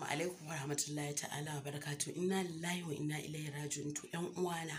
Assalamu alaikum wa rahmatullahi ta'ala wa barakatu inna lillahi wa inna ilaihi raji'un to ƴan uwana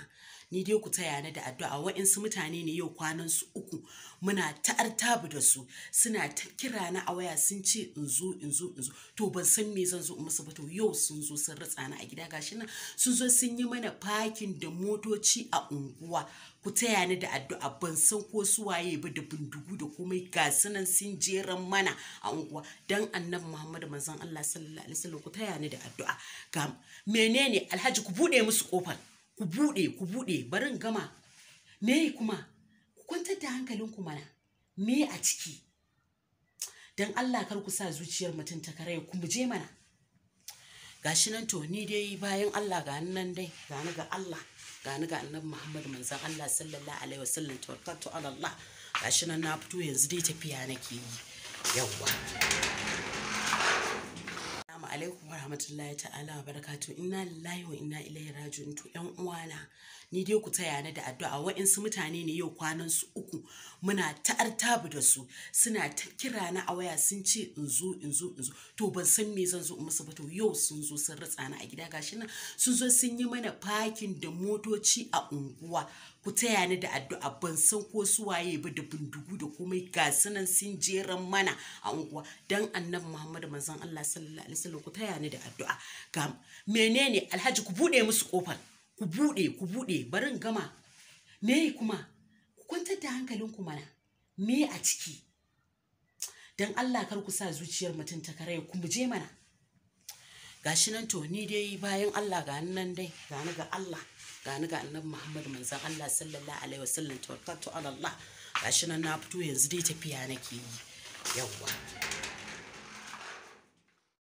ni dai ku taya ni da addu'a wa'insu mutane ne yau kwanan su uku muna ta'artabu da su suna ta kira na a waya sun ce in zo in zo in zo to ban san me zan zo in musu ba to yau sun zo sun ritsa ni a gida gashi nan sun zo sun yi mana fakin da motoci a unguwa ku taya ni da addu'a ban san ko su waye ba da bindigu da komai ga sunan sun jeran mana a unguwa dan annabi Muhammadu manzon Allah sallallahu alaihi wasallam ku taya ni da addu'a ga menene alhaji ku bude musu kofar ku bude ku bude barin gama me kuma ku kwantar da hankalinku mana me a ciki dan Allah kar ku sa zuciyar mutum ta karaya ku je mana gashi nan to ni dai bayan Allah ga nan dai gani ga Allah gani ga annabi Muhammad manzon Allah sallallahu alaihi wasallam tawakkaltu ala Allah gashi nan na fito yanzu dai tafiya nake yi yawa. alaikum wa rahmatullahi ta'ala wa barakatu inna lillahi wa inna ilaihi raji'un to ƴan uwana ni dai ku taya ni da addu'a wa'insu mutane ne yau kwanan su uku muna ta'artabu da su suna ta kira na a waya sun ce in zo in zo in zo to ban san me zan zo in musu ba to yau sun zo sun ritsa a gida gashi nan sun zo sun yi mana fakin da motoci a unguwa ku taya ni da addu'a ban san ko su waye ba da bindigu da komai ga sunan sun jeran mana a unguwa dan annabi Muhammadu manzon Allah sallallahu alaihi wasallam ku taya ni da addu'a ga menene alhaji ku bude musu kofar ku bude ku bude barin gama me kuma ku kwantar da hankalinku mana me a ciki dan Allah kar ku sa zuciyar mutum ta karaya ku je mana gashi nan to ni dai bayan Allah ga nan dai ni ga Allah gani ga annabi Muhammad manzon Allah sallallahu alaihi wasallam tawakkaltu ala Allah gashi nan na fito yanzu dai tafiya nake yi yawa.